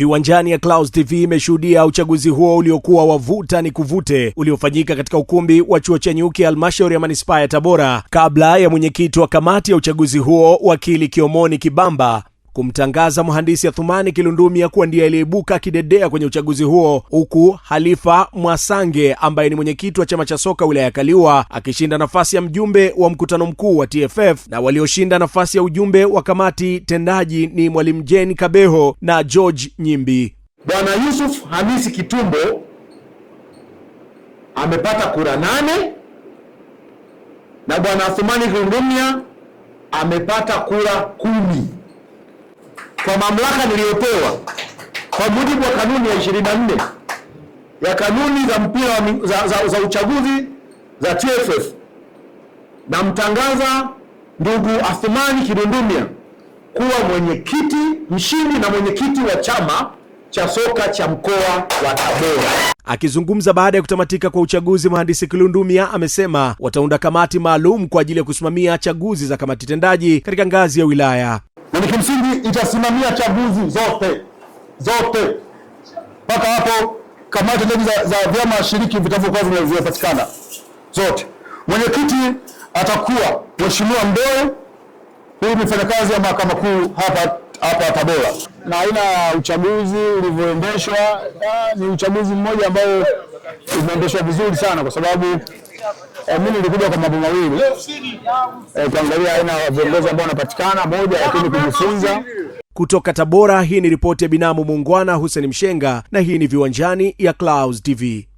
Viwanjani ya Clouds TV imeshuhudia uchaguzi huo uliokuwa wavuta ni kuvute uliofanyika katika ukumbi wa chuo cha Nyuki halmashauri ya manispaa ya Tabora, kabla ya mwenyekiti wa kamati ya uchaguzi huo wakili Kiomoni Kibamba kumtangaza mhandisi Athumani Kilundumia kuwa ndiye aliyeibuka akidedea kwenye uchaguzi huo, huku Halifa Mwasange ambaye ni mwenyekiti wa chama cha soka wilaya ya Kaliua akishinda nafasi ya mjumbe wa mkutano mkuu wa TFF, na walioshinda nafasi ya ujumbe wa kamati tendaji ni mwalimu Jane Kabeho na George Nyimbi. Bwana Yusuf Hamisi Kitumbo amepata kura nane na bwana Athumani Kilundumia amepata kura kumi kwa mamlaka niliyopewa kwa mujibu wa kanuni ya 24 ya kanuni za mpira wa, za, za, za uchaguzi za TFF namtangaza ndugu Athumani Kidundumia kuwa mwenyekiti mshindi na mwenyekiti wa chama cha soka cha mkoa wa Tabora. Akizungumza baada ya kutamatika kwa uchaguzi, mhandisi Kilundumia amesema wataunda kamati maalum kwa ajili ya kusimamia chaguzi za kamati tendaji katika ngazi ya wilaya. Yaani kimsingi itasimamia chaguzi zote zote mpaka hapo kamati tendaji za, za vyama shiriki vitavyokuwa vimepatikana zote. Mwenyekiti atakuwa Mheshimiwa Mdoe, huyu ni mfanyakazi wa mahakama kuu hapa hapa Tabora. Na aina ya uchaguzi ulivyoendeshwa ni uchaguzi mmoja ambao umeendeshwa vizuri sana kwa sababu Eh, mimi nilikuja kwa mambo mawili eh, kuangalia aina ya viongozi ambao wanapatikana, moja lakini kujifunza kutoka Tabora. Hii ni ripoti ya binamu muungwana Hussein Mshenga, na hii ni Viwanjani ya Clouds TV.